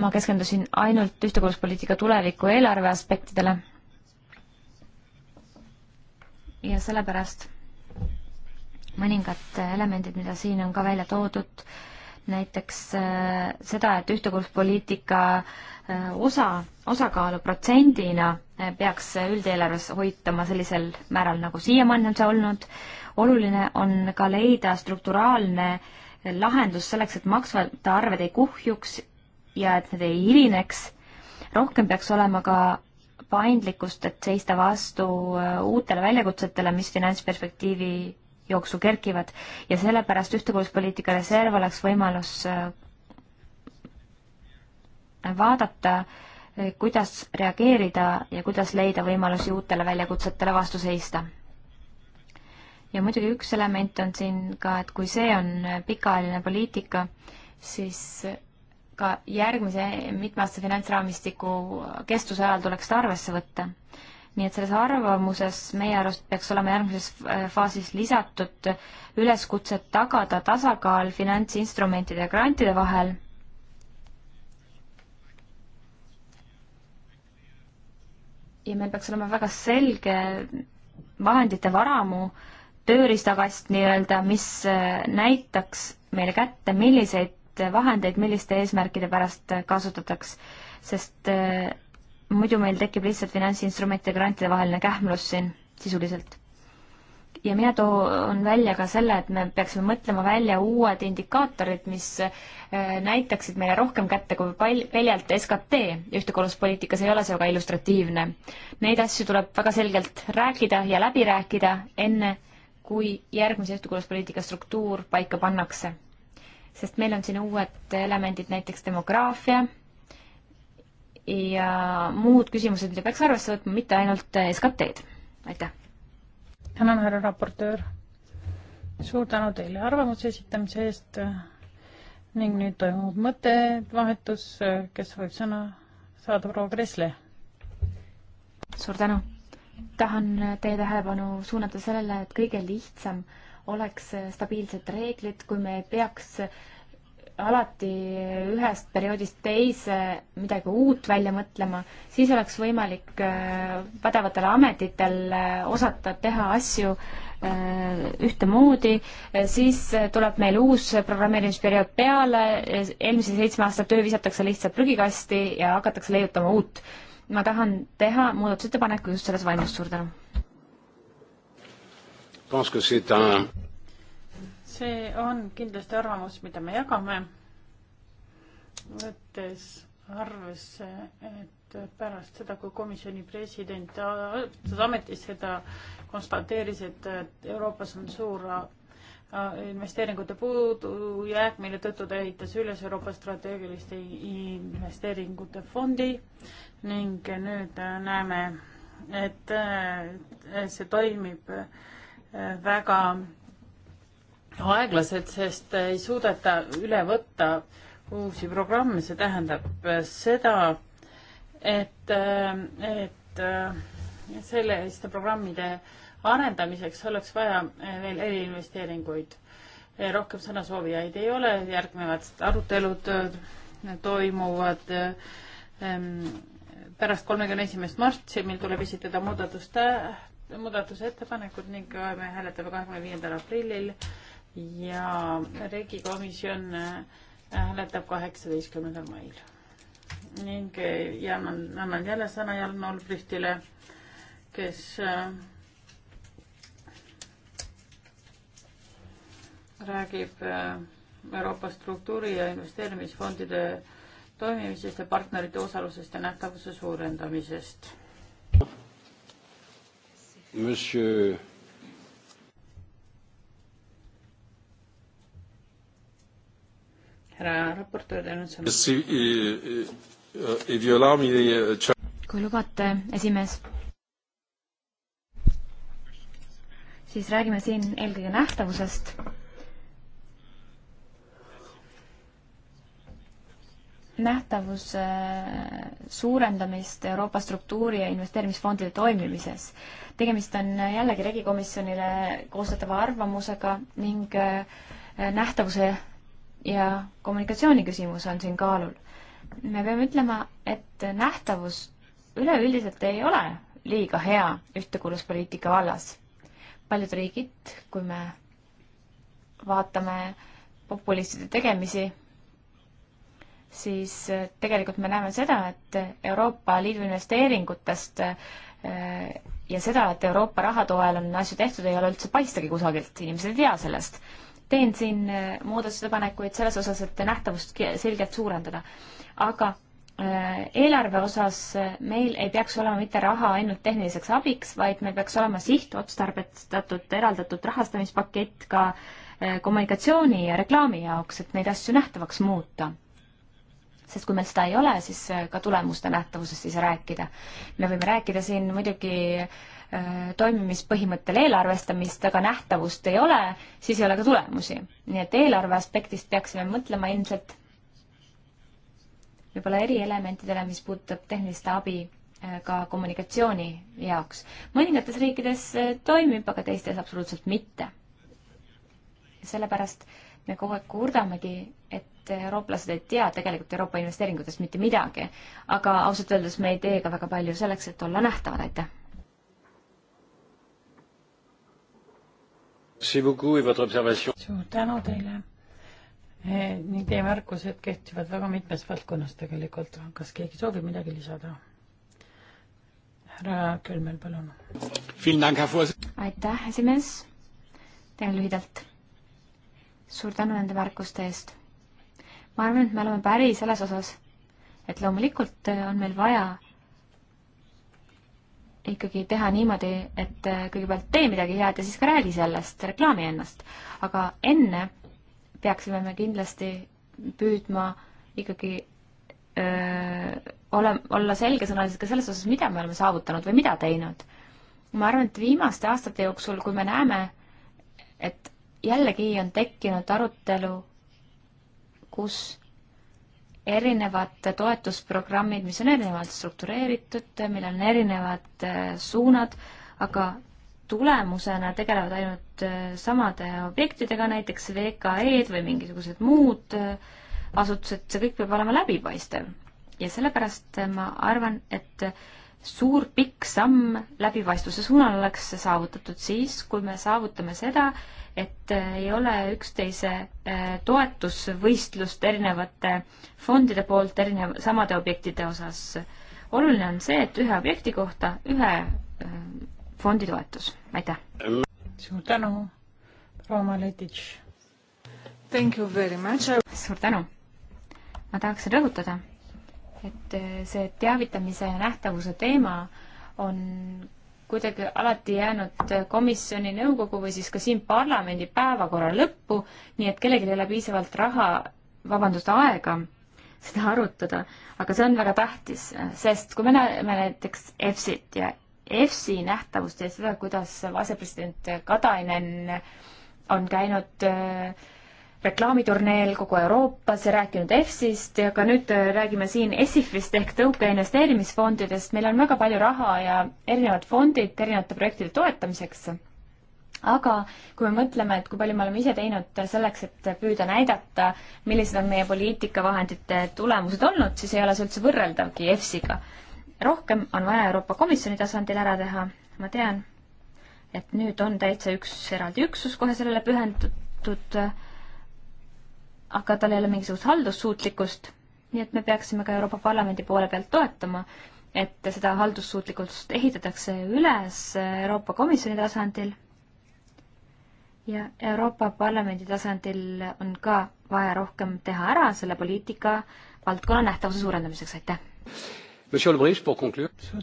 ma keskendusin ainult ühtekuuluvuspoliitika tuleviku eelarve aspektidele ja sellepärast mõningad elemendid, mida siin on ka välja toodud, näiteks äh, seda, et ühtekurspoliitika äh, osa, osakaalu protsendina äh, peaks üldeelarves hoitama sellisel määral, nagu siiamaani on see olnud. oluline on ka leida strukturaalne lahendus selleks, et maksvate arved ei kuhjuks ja et need ei hilineks. rohkem peaks olema ka paindlikkust, et seista vastu äh, uutele väljakutsetele, mis finantsperspektiivi jooksul kerkivad ja sellepärast ühtekuuluvuspoliitika reserv oleks võimalus äh, vaadata, äh, kuidas reageerida ja kuidas leida võimalusi uutele väljakutsetele vastu seista. ja muidugi üks element on siin ka, et kui see on pikaajaline poliitika, siis ka järgmise mitmeaastase finantsraamistiku kestuse ajal tuleks seda arvesse võtta. nii et selles arvamuses meie arust peaks olema järgmises faasis lisatud üleskutsed tagada tasakaal finantsinstrumentide ja grantide vahel ja meil peaks olema väga selge vahendite varamu tööriistakast nii-öelda, mis näitaks meile kätte, milliseid milliseid vahendeid milliste eesmärkide pärast kasutataks, sest äh, muidu meil tekib lihtsalt finantsinstrumentide grantide vaheline kähmlus siin sisuliselt. ja mina toon välja ka selle, et me peaksime mõtlema välja uued indikaatorid, mis äh, näitaksid meile rohkem kätte kui pal-, peljalt SKT. ühtekorralduspoliitikas ei ole see väga illustratiivne. Neid asju tuleb väga selgelt rääkida ja läbi rääkida enne, kui järgmise ühtekorralduspoliitika struktuur paika pannakse sest meil on siin uued elemendid, näiteks demograafia ja muud küsimused, mida peaks arvesse võtma, mitte ainult SKT-d. aitäh! tänan, härra raportöör! suur tänu teile arvamuse esitamise eest ning nüüd toimub mõttevahetus, kes võib sõna saada, proua Kresle? suur tänu! tahan teie tähelepanu suunata sellele, et kõige lihtsam äh, oleks stabiilsed reeglid, kui me ei peaks alati ühest perioodist teise midagi uut välja mõtlema, siis oleks võimalik äh, pädevatel ametitel äh, osata teha asju äh, ühtemoodi, siis tuleb meil uus programmeerimisperiood peale, eelmise seitsme aasta töö visatakse lihtsalt prügikasti ja hakatakse leiutama uut. ma tahan teha muudatusettepaneku just selles vaimus, suur tänu see on kindlasti arvamus, mida me jagame, võttes arvesse, et pärast seda, kui komisjoni president asetus ametisse, ta konstateeris, et Euroopas on suur investeeringute puudujääk, mille tõttu ta ehitas üles Euroopa strateegiliste investeeringute fondi ning nüüd näeme, et see toimib väga aeglased, sest ei suudeta üle võtta uusi programme, see tähendab seda, et, et selliste programmide arendamiseks oleks vaja veel eriinvesteeringuid. rohkem sõnasoovijaid ei ole, järgnevad arutelud toimuvad ehm, pärast kolmekümne esimest märtsi, mil tuleb esitada muudatuste muudatusettepanekud ning me hääletame kahekümne viiendal aprillil ja regikomisjon äh, hääletab kaheksateistkümnendal mail. ning äh, ja annan, annan jälle sõna Jan Olbrichtile, kes äh, räägib Euroopa struktuuri ja investeerimisfondide toimimisest ja partnerite osalusest ja nähtavuse suurendamisest. Monsieur. härra raportöör, teil on sõna. Uh, uh, kui lubate, esimees, siis räägime siin eelkõige nähtavusest nähtavuse äh, suurendamist Euroopa struktuuri- ja investeerimisfondide toimimises. tegemist on jällegi regikomisjonile koostatava arvamusega ning äh, nähtavuse ja kommunikatsiooni küsimus on siin kaalul. me peame ütlema, et nähtavus üleüldiselt ei ole liiga hea ühtekuuluvuspoliitika vallas. paljud riigid, kui me vaatame populistide tegemisi, siis eh, tegelikult me näeme seda, et Euroopa Liidu investeeringutest eh, ja seda, et Euroopa raha toel on asju tehtud, ei ole üldse paistagi kusagilt, inimesed ei tea sellest. teen siin eh, muudatusettepanekuid selles osas, et nähtavust selgelt suurendada. aga eelarve osas meil ei peaks olema mitte raha ainult tehniliseks abiks, vaid meil peaks olema sihtotstarbestatud, eraldatud rahastamispakett ka kommunikatsiooni ja reklaami jaoks, et neid asju nähtavaks muuta sest kui meil seda ei ole, siis äh, ka tulemuste nähtavusest ei saa rääkida. me võime rääkida siin muidugi äh, toimimispõhimõttel eelarvestamist, aga nähtavust ei ole, siis ei ole ka tulemusi. nii et eelarve aspektist peaksime mõtlema ilmselt võib-olla erielementidele, mis puudutab tehnilist abi äh, ka kommunikatsiooni jaoks. mõningates riikides toimib, aga teistes absoluutselt mitte. sellepärast me kogu aeg kurdamegi, et eurooplased ei tea tegelikult Euroopa investeeringutest mitte midagi. aga ausalt öeldes me ei tee ka väga palju selleks, et olla nähtavad, aitäh. suur tänu teile. E, nii teie märkused kehtivad väga mitmes valdkonnas tegelikult. kas keegi soovib midagi lisada? härra Kölmel, palun. aitäh, esimees. teen lühidalt. suur tänu nende märkuste eest ma arvan, et me oleme päri selles osas, et loomulikult äh, on meil vaja ikkagi teha niimoodi, et äh, kõigepealt tee midagi head ja siis ka räägi sellest, reklaami ennast. aga enne peaksime me kindlasti püüdma ikkagi öö, äh, ole, olla selgesõnalised ka selles osas, mida me oleme saavutanud või mida teinud. ma arvan, et viimaste aastate jooksul, kui me näeme, et jällegi on tekkinud arutelu kus erinevad toetusprogrammid, mis on erinevalt struktureeritud, millel on erinevad äh, suunad, aga tulemusena tegelevad ainult äh, samade objektidega, näiteks VKE-d või mingisugused muud äh, asutused, see kõik peab olema läbipaistev. ja sellepärast ma arvan, et suur pikk samm läbipaistvuse suunal oleks saavutatud siis, kui me saavutame seda, et äh, ei ole üksteise äh, toetusvõistlust erinevate fondide poolt erinev, samade objektide osas. oluline on see, et ühe objekti kohta ühe äh, fondi toetus, aitäh. suur tänu, proua Maletitš. Thank you very much. suur tänu. ma tahaksin rõhutada, et see teavitamise ja nähtavuse teema on kuidagi alati jäänud komisjoni, nõukogu või siis ka siin parlamendi päevakorra lõppu, nii et kellelgi ei ole piisavalt raha, vabandust, aega seda arutada, aga see on väga tähtis, sest kui me näeme näiteks EFSit ja EFSi nähtavust ja seda, kuidas asepresident Katainen on käinud äh, reklaamiturneel kogu Euroopas ja rääkinud EFSist ja ka nüüd räägime siin ESIF-ist ehk tõuke investeerimisfondidest. meil on väga palju raha ja erinevad fondid erinevate projektide toetamiseks. aga kui me mõtleme, et kui palju me oleme ise teinud selleks, et püüda näidata, millised on meie poliitikavahendite tulemused olnud, siis ei ole see üldse võrreldavgi EFSiga. rohkem on vaja Euroopa Komisjoni tasandil ära teha, ma tean, et nüüd on täitsa üks eraldi üksus kohe sellele pühendatud aga tal ei ole mingisugust haldussuutlikkust, nii et me peaksime ka Euroopa Parlamendi poole pealt toetama, et seda haldussuutlikkust ehitatakse üles Euroopa Komisjoni tasandil ja Euroopa Parlamendi tasandil on ka vaja rohkem teha ära selle poliitika valdkonna nähtavuse suurendamiseks, aitäh! suur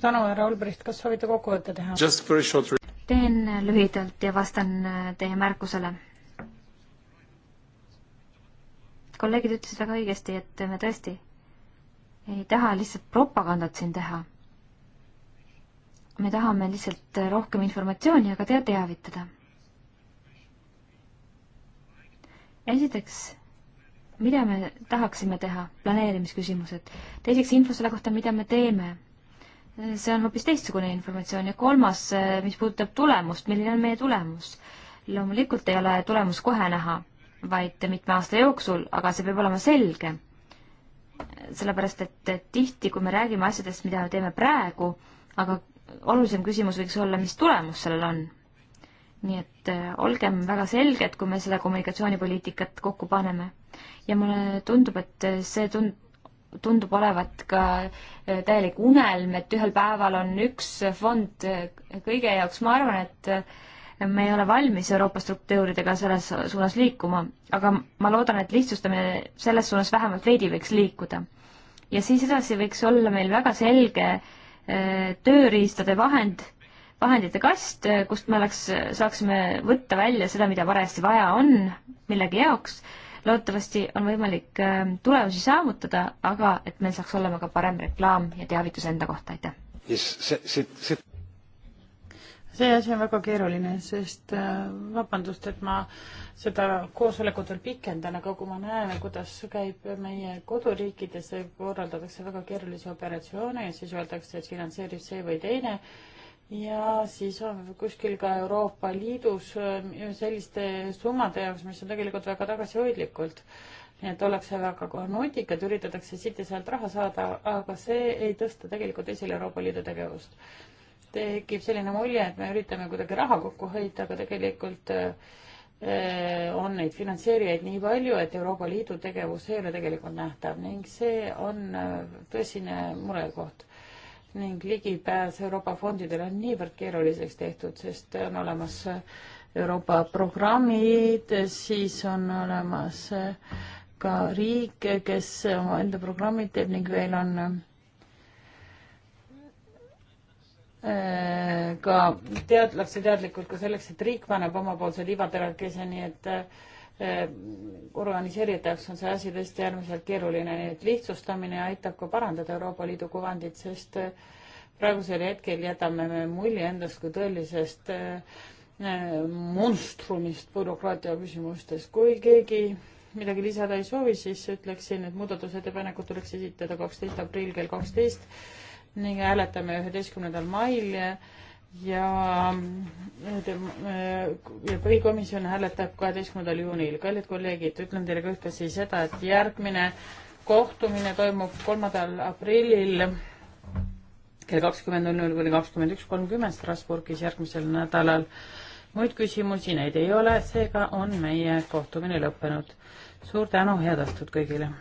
tänu, härra Olbrist, kas soovite kokkuvõtte teha? teen lühidalt ja vastan teie märkusele kolleegid ütlesid väga õigesti, et me tõesti ei taha lihtsalt propagandat siin teha. me tahame lihtsalt rohkem informatsiooni, aga te teavitada. esiteks, mida me tahaksime teha, planeerimisküsimused. teiseks, info selle kohta, mida me teeme. see on hoopis teistsugune informatsioon ja kolmas, mis puudutab tulemust, milline on meie tulemus. loomulikult ei ole tulemus kohe näha vaid mitme aasta jooksul, aga see peab olema selge. sellepärast, et tihti, kui me räägime asjadest, mida me teeme praegu, aga olulisem küsimus võiks olla, mis tulemus sellel on. nii et äh, olgem väga selged, kui me seda kommunikatsioonipoliitikat kokku paneme. ja mulle tundub, et see tund-, tundub olevat ka äh, täielik unelm, et ühel päeval on üks fond äh, kõige jaoks, ma arvan, et äh, me ei ole valmis Euroopa struktuuridega selles suunas liikuma, aga ma loodan, et lihtsustamine selles suunas vähemalt veidi võiks liikuda. ja siis edasi võiks olla meil väga selge eh, tööriistade vahend, vahendite kast, eh, kust me oleks, saaksime võtta välja seda, mida parajasti vaja on millegi jaoks, loodetavasti on võimalik eh, tulemusi saavutada, aga et meil saaks olema ka parem reklaam ja teavitus enda kohta, aitäh! see asi on väga keeruline, sest äh, vabandust, et ma seda koosolekut veel pikendan, aga kui ma näen, kuidas käib meie koduriikides, korraldatakse väga keerulisi operatsioone ja siis öeldakse, et finantseerib see või teine ja siis on kuskil ka Euroopa Liidus äh, selliste summade jaoks, mis on tegelikult väga tagasihoidlikult. nii et ollakse väga nutikad, üritatakse siit ja sealt raha saada, aga see ei tõsta tegelikult esile Euroopa Liidu tegevust tekib selline mulje, et me üritame kuidagi raha kokku hoida, aga tegelikult eh, on neid finantseerijaid nii palju, et Euroopa Liidu tegevus ei ole tegelikult nähtav ning see on eh, tõsine murekoht. ning ligipääs Euroopa fondidele on niivõrd keeruliseks tehtud, sest on olemas eh, Euroopa programmid, siis on olemas ka riik, kes omaenda programmid teeb ning veel on ka teadlakse teadlikult ka selleks, et riik paneb omapoolse liivaterakese, nii et eh, organiseerijate jaoks on see asi tõesti äärmiselt keeruline, nii et lihtsustamine aitab ka parandada Euroopa Liidu kuvandit, sest eh, praegusel hetkel jätame me mulje endast kui tõelisest eh, monstrumist bürokraatia küsimustes. kui keegi midagi lisada ei soovi, siis ütleksin, et muudatusettepanekud tuleks esitada kaksteist aprill kell kaksteist ning hääletame üheteistkümnendal mail ja ja, ja põhikomisjon hääletab kaheteistkümnendal juunil. kallid kolleegid, ütlen teile ka ühtlasi seda, et järgmine kohtumine toimub kolmandal aprillil kell kakskümmend null null kuni kakskümmend üks kolmkümmend Strasbourgis järgmisel nädalal. muid küsimusi neid ei ole, seega on meie kohtumine lõppenud. suur tänu, head õhtut kõigile!